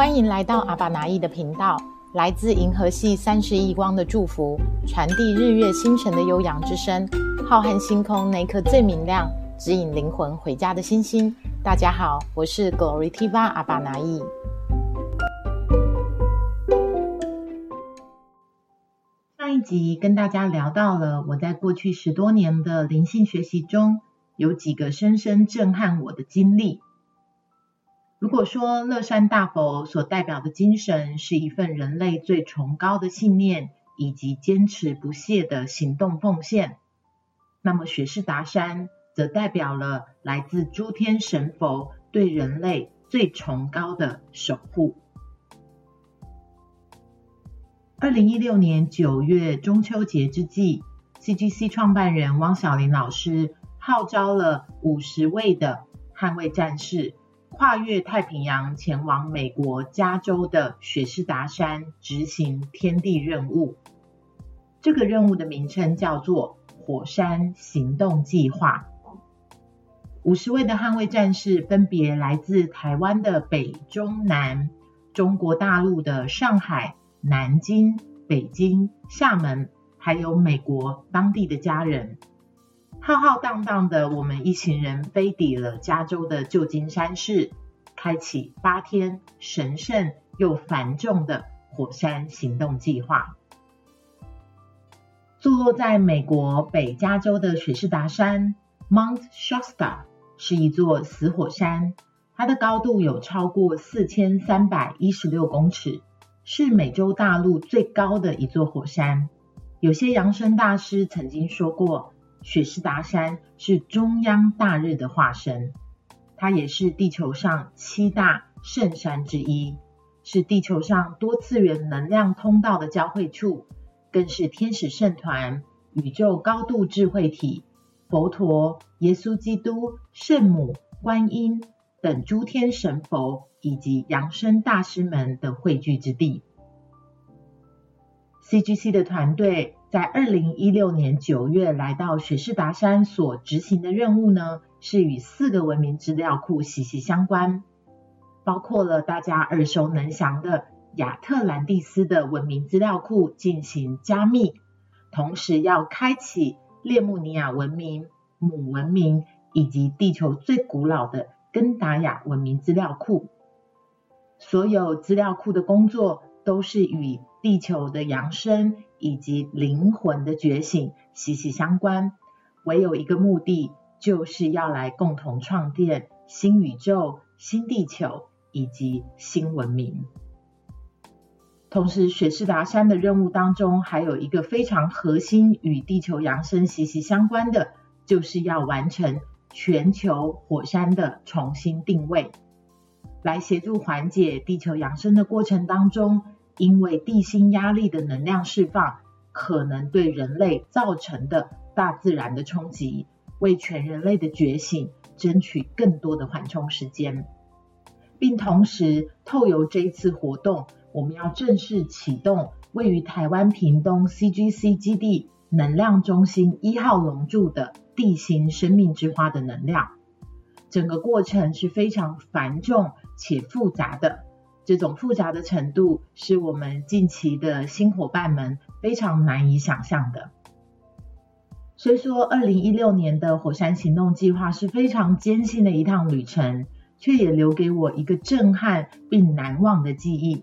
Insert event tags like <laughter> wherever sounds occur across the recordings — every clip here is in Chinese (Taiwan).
歡迎來到阿爸拿意的頻道，來自銀河系三十億光的祝福，傳遞日月星辰的悠揚之聲。浩瀚星空那顆最明亮，指引靈魂回家的星星。大家好，我是 Gloria Tiva 阿爸拿意。上一集跟大家聊到了我在過去十多年的靈性學習中，有幾個深深震撼我的經歷。如果說樂山大佛所代表的精神是一份人類最崇高的信念，以及堅持不懈的行動奉獻，那麼雪士達山則代表了來自諸天神佛對人類最崇高的守護。二零一六年九月中秋節之際，CGC 創辦人汪筱玲老師號召了五十位的捍衛戰士。跨越太平洋前往美國加州的雪士達山執行天地任務。這個任務的名稱叫做“火山行動計劃”。五十位的捍衛戰士分別來自台灣的北中南、中國大陸的上海、南京、北京、廈門，還有美國當地的家人。浩浩蕩蕩的，我們一行人飛抵了加州的舊金山市，開啟八天神聖又繁重的火山行動計劃。坐落在美國北加州的雪士達山 （Mount Shasta） 是一座死火山，它的高度有超過四千三百一十六公尺，是美洲大陸最高的一座火山。有些揚升大師曾經說過。雪士達山是中央大日的化身，它也是地球上七大聖山之一，是地球上多次元能量通道的交匯處，更是天使聖團、宇宙高度智慧體、佛陀、耶穌基督、聖母、觀音等諸天神佛以及揚升大師們的匯聚之地。CGC 的團隊，在二零一六年九月來到雪士達山所執行的任務呢，是與四個文明資料庫息息相關，包括了大家耳熟能詳的亞特蘭蒂斯的文明資料庫進行加密，同時要開啟列穆尼亞文明母文明以及地球最古老的根達亞文明資料庫。所有資料庫的工作都是與地球的揚升。以及靈魂的覺醒息息相關，唯有一個目的，就是要來共同創建新宇宙、新地球以及新文明。同時，雪士達山的任務當中還有一個非常核心與地球揚升息息相關的，就是要完成全球火山的重新定位，來協助緩解地球揚升的過程當中，因為地心壓力的能量釋放，可能對人類造成的大自然的衝擊，為全人類的覺醒爭取更多的緩衝時間，並同時透由這一次活動，我們要正式啟動位於台灣屏東 CGC 基地能量中心一號龍柱的地心生命之花的能量。整個過程是非常繁重且複雜的。這種複雜的程度是我們近期的新夥伴們非常難以想象的。雖說二零一六年的火山行動計劃是非常艱辛的一趟旅程，卻也留給我一個震撼并難忘的記憶。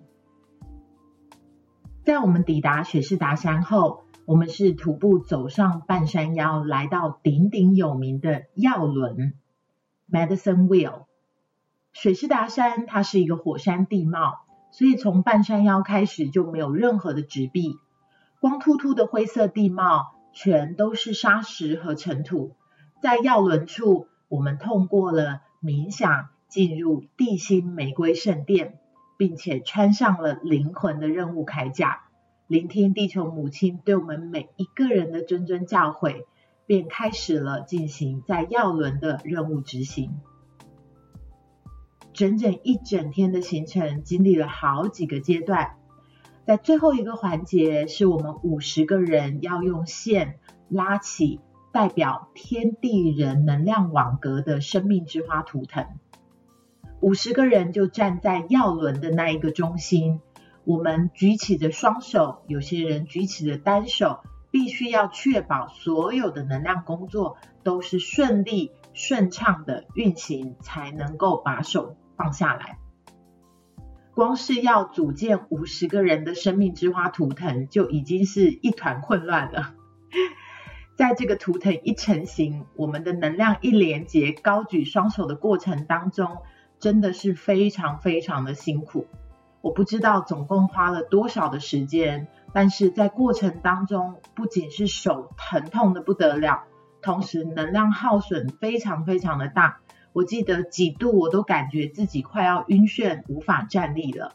在我們抵達雪士達山後，我們是徒步走上半山腰，來到鼎鼎有名的藥輪 （Medicine Wheel）。水師達山，它是一個火山地貌，所以從半山腰開始就沒有任何的植被，光禿禿的灰色地貌，全都是沙石和塵土。在藥輪處，我們通過了冥想，進入地心玫瑰聖殿，並且穿上了靈魂的任務鎧甲，聆聽地球母親對我們每一個人的諄諄教誨，便開始了進行在藥輪的任務執行。整整一整天的行程，經歷了好幾個階段，在最後一個環節，是我們五十個人要用線拉起代表天地人能量網格的生命之花圖騰。五十個人就站在藥輪的那一個中心，我們舉起的雙手，有些人舉起的單手，必須要確保所有的能量工作都是順利、順暢的運行，才能夠把手。放下來，光是要組建五十個人的生命之花圖騰，就已經是一團混亂了。 <laughs> 在這個圖騰一成型，我們的能量一連結，高舉雙手的過程當中，真的是非常非常的辛苦。我不知道總共花了多少的時間，但是在過程當中，不僅是手疼痛的不得了，同時能量耗損非常非常的大。我記得幾度我都感覺自己快要暈眩，無法站立了。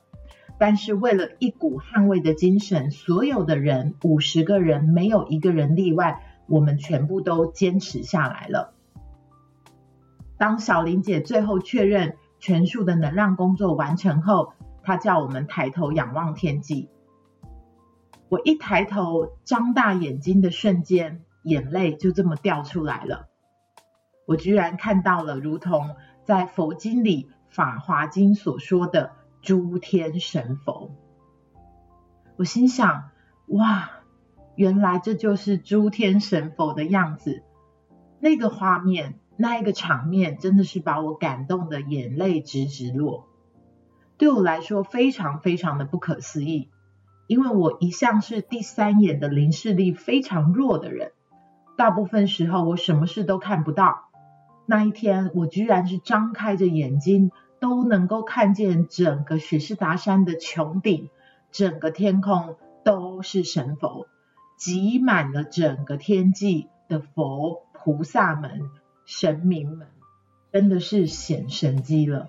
但是為了一股捍衛的精神，所有的人，五十個人，沒有一個人例外，我們全部都堅持下來了。當筱玲姐最後確認全數的能量工作完成後，她叫我們抬頭仰望天際。我一抬頭，張大眼睛的瞬間，眼淚就這麼掉出來了。我居然看到了，如同在佛經裡《法華經》所說的諸天神佛。我心想：哇，原來這就是諸天神佛的樣子。那個畫面，那一個場面，真的是把我感動得眼淚直直落。對我來說，非常非常的不可思議，因為我一向是第三眼的靈視力非常弱的人，大部分時候我什麼事都看不到。那一天，我居然是張開着眼睛都能夠看見整個雪士達山的穹頂，整個天空都是神佛，擠滿了整個天際的佛菩薩們、神明們，真的是顯神蹟了。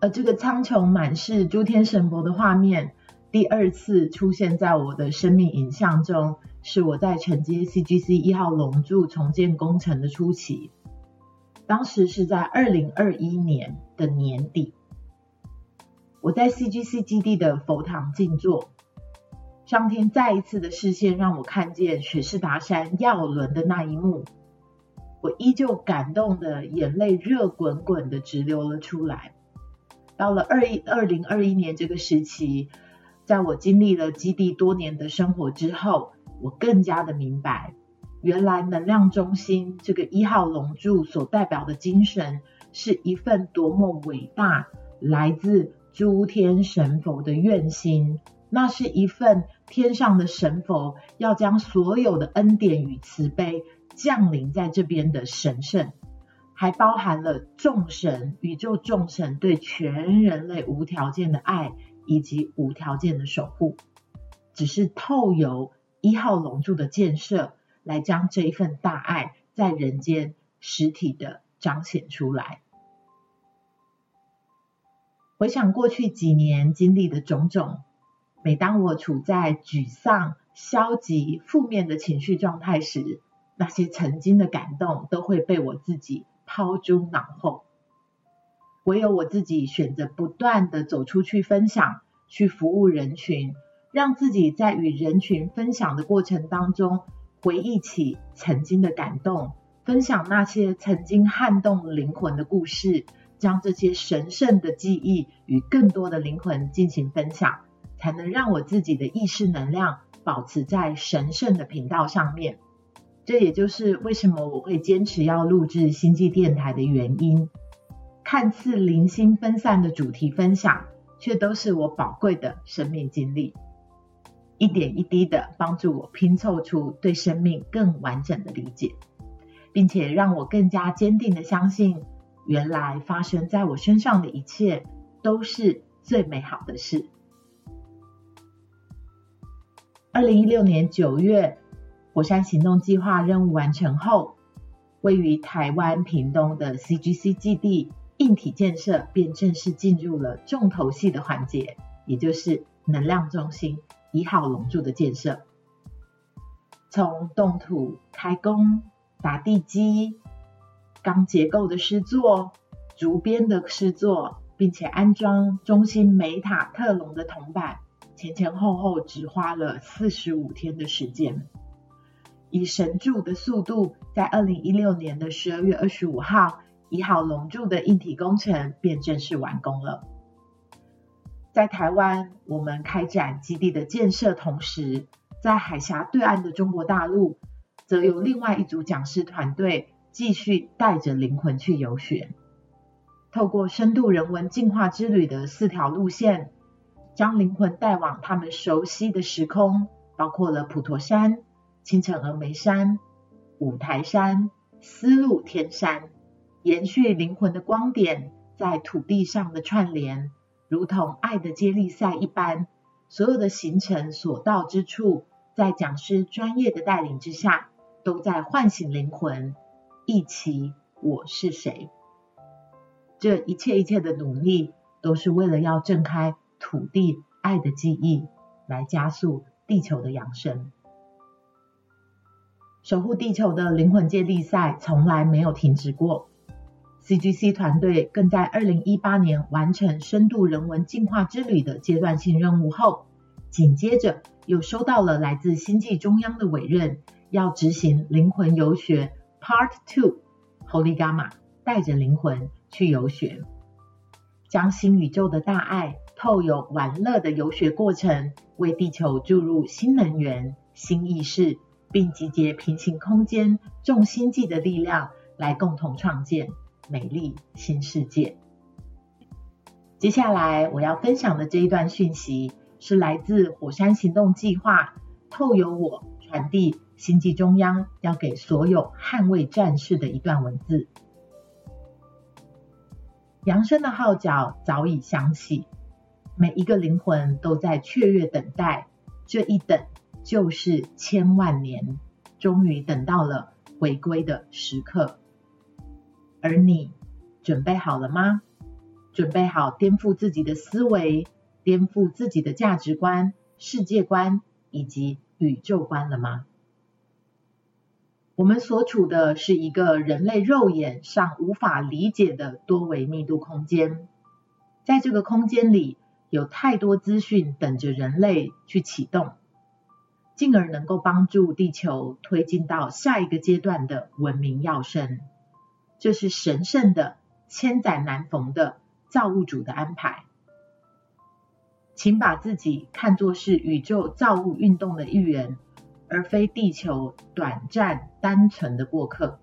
而這個蒼穹滿是諸天神佛的畫面。第二次出現在我的生命影像中，是我在承接 C G C 一號龍柱重建工程的初期，當時是在二零二一年的年底，我在 C G C 基地的佛堂靜坐，上天再一次的示現讓我看見雪士達山耀倫的那一幕，我依舊感動的眼淚熱滾滾的直流了出來。到了二一二零二一年這個時期。在我經歷了基地多年的生活之後，我更加的明白，原來能量中心這個一號龍柱所代表的精神，是一份多麼偉大、來自諸天神佛的願心。那是一份天上的神佛要將所有的恩典與慈悲降臨在這邊的神聖，還包含了眾神宇宙眾神對全人類無條件的愛。以及無條件的守護，只是透由一號龍柱的建設，來將這一份大愛在人間實體的彰顯出來。回想過去幾年經歷的種種，每當我處在沮喪、消極、負面的情緒狀態時，那些曾經的感動都會被我自己拋諸腦後，唯有我自己選擇不斷地走出去分享。去服務人群，讓自己在與人群分享的過程當中，回憶起曾經的感動，分享那些曾經撼動靈魂的故事，將這些神聖的記憶與更多的靈魂進行分享，才能讓我自己的意識能量保持在神聖的頻道上面。這也就是為什麼我會堅持要錄製星際電台的原因。看似零星分散的主題分享，卻都是我寶貴的生命經歷，一點一滴的幫助我拼湊出對生命更完整的理解，並且讓我更加堅定的相信，原來發生在我身上的一切都是最美好的事。2016年9月，火山行動計劃任務完成後，位於台灣屏東的 CGC 基地。硬體建設便正式進入了重頭戲的環節，也就是能量中心一號龍柱的建設。從動土開工、打地基、鋼結構的施作、竹編的施作，並且安裝中心梅塔特隆的銅板，前前後後只花了四十五天的時間，以神柱的速度，在二零一六年的十二月二十五號，一號龍柱的硬體工程便正式完工了。在台灣，我們開展基地的建設，同時在海峽對岸的中國大陸，則有另外一組講師團隊繼續帶着靈魂去遊學，透過深度人文進化之旅的四條路線，將靈魂帶往他們熟悉的時空，包括了普陀山、青城峨眉山、五台山、絲路天山。延續靈魂的光點在土地上的串聯，如同愛的接力賽一般。所有的行程所到之處，在講師專業的帶領之下，都在喚醒靈魂，憶起我是誰。這一切一切的努力，都是為了要震開土地愛的記憶，來加速地球的揚升。守護地球的靈魂接力賽，從來沒有停止過。CGC 團隊更在二零一八年完成深度人文進化之旅的階段性任務後，緊接着又收到了來自星際中央的委任，要執行靈魂遊學 Part Two。Holy Gamma 帶着靈魂去遊學，將新宇宙的大愛透有玩樂的遊學過程，為地球注入新能源、新意識，並集結平行空間眾星際的力量來共同創建。美麗新世界。接下來我要分享的這一段訊息，是來自火山行動計劃，透由我傳遞星際中央要給所有捍衛戰士的一段文字。揚升的號角早已響起，每一個靈魂都在雀躍等待，這一等就是千萬年，終於等到了回歸的時刻。而你準備好了嗎？準備好顛覆自己的思維、顛覆自己的價值觀、世界觀以及宇宙觀了嗎？我們所處的是一個人類肉眼尚無法理解的多維密度空間，在這個空間裡，有太多資訊等着人類去啟動，進而能夠幫助地球推進到下一個階段的文明躍升。這是神聖的、千載難逢的造物主的安排，請把自己看作是宇宙造物運動的一員，而非地球短暫單純的過客。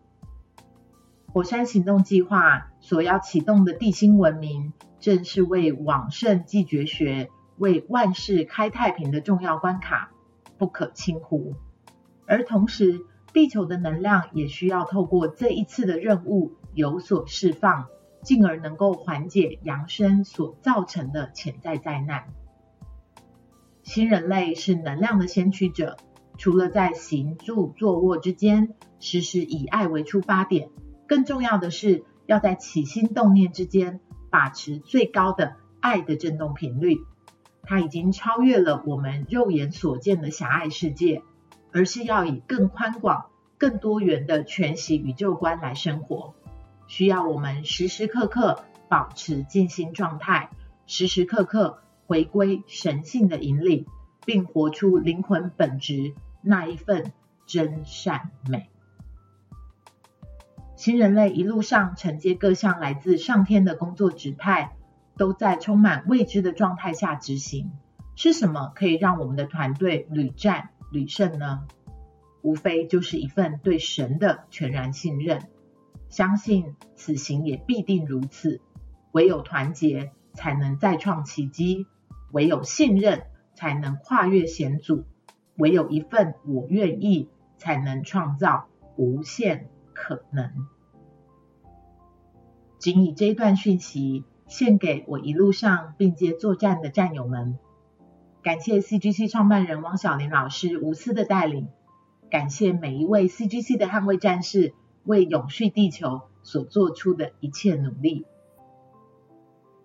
火山行動計劃所要啟動的地心文明，正是為往聖繼絕學、為萬世開太平的重要關卡，不可輕忽。而同時，地球的能量也需要透過這一次的任務有所釋放，進而能夠緩解揚升所造成的潛在災難。新人類是能量的先驅者，除了在行住坐臥之間時時以愛為出發點，更重要的是要在起心動念之間把持最高的愛的振動頻率。它已經超越了我們肉眼所見的狹隘世界。而是要以更寬廣、更多元的全息宇宙觀來生活，需要我們時時刻刻保持靜心狀態，時時刻刻回歸神性的引領，並活出靈魂本質那一份真善美。新人類一路上承接各項來自上天的工作指派，都在充滿未知的狀態下執行。是什麼可以讓我們的團隊屢戰？屢勝呢，無非就是一份對神的全然信任，相信此行也必定如此。唯有團結，才能再創奇蹟；唯有信任，才能跨越險阻；唯有一份我願意，才能創造無限可能。僅以這一段訊息獻給我一路上並肩作戰的戰友們。感謝 CGC 創辦人汪筱玲老師無私的帶領，感謝每一位 CGC 的捍衛戰士為永續地球所做出的一切努力。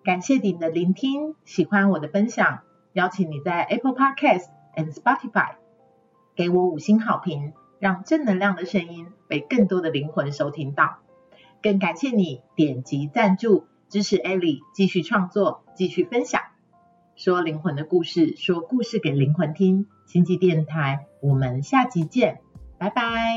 感謝你的聆聽，喜歡我的分享，邀請你在 Apple Podcast and Spotify 給我五星好評，讓正能量的聲音被更多的靈魂收聽到。更感謝你點擊贊助，支持 Ellie 繼續創作，繼續分享。說靈魂的故事，說故事給靈魂聽。星際電台，我們下集見，拜拜。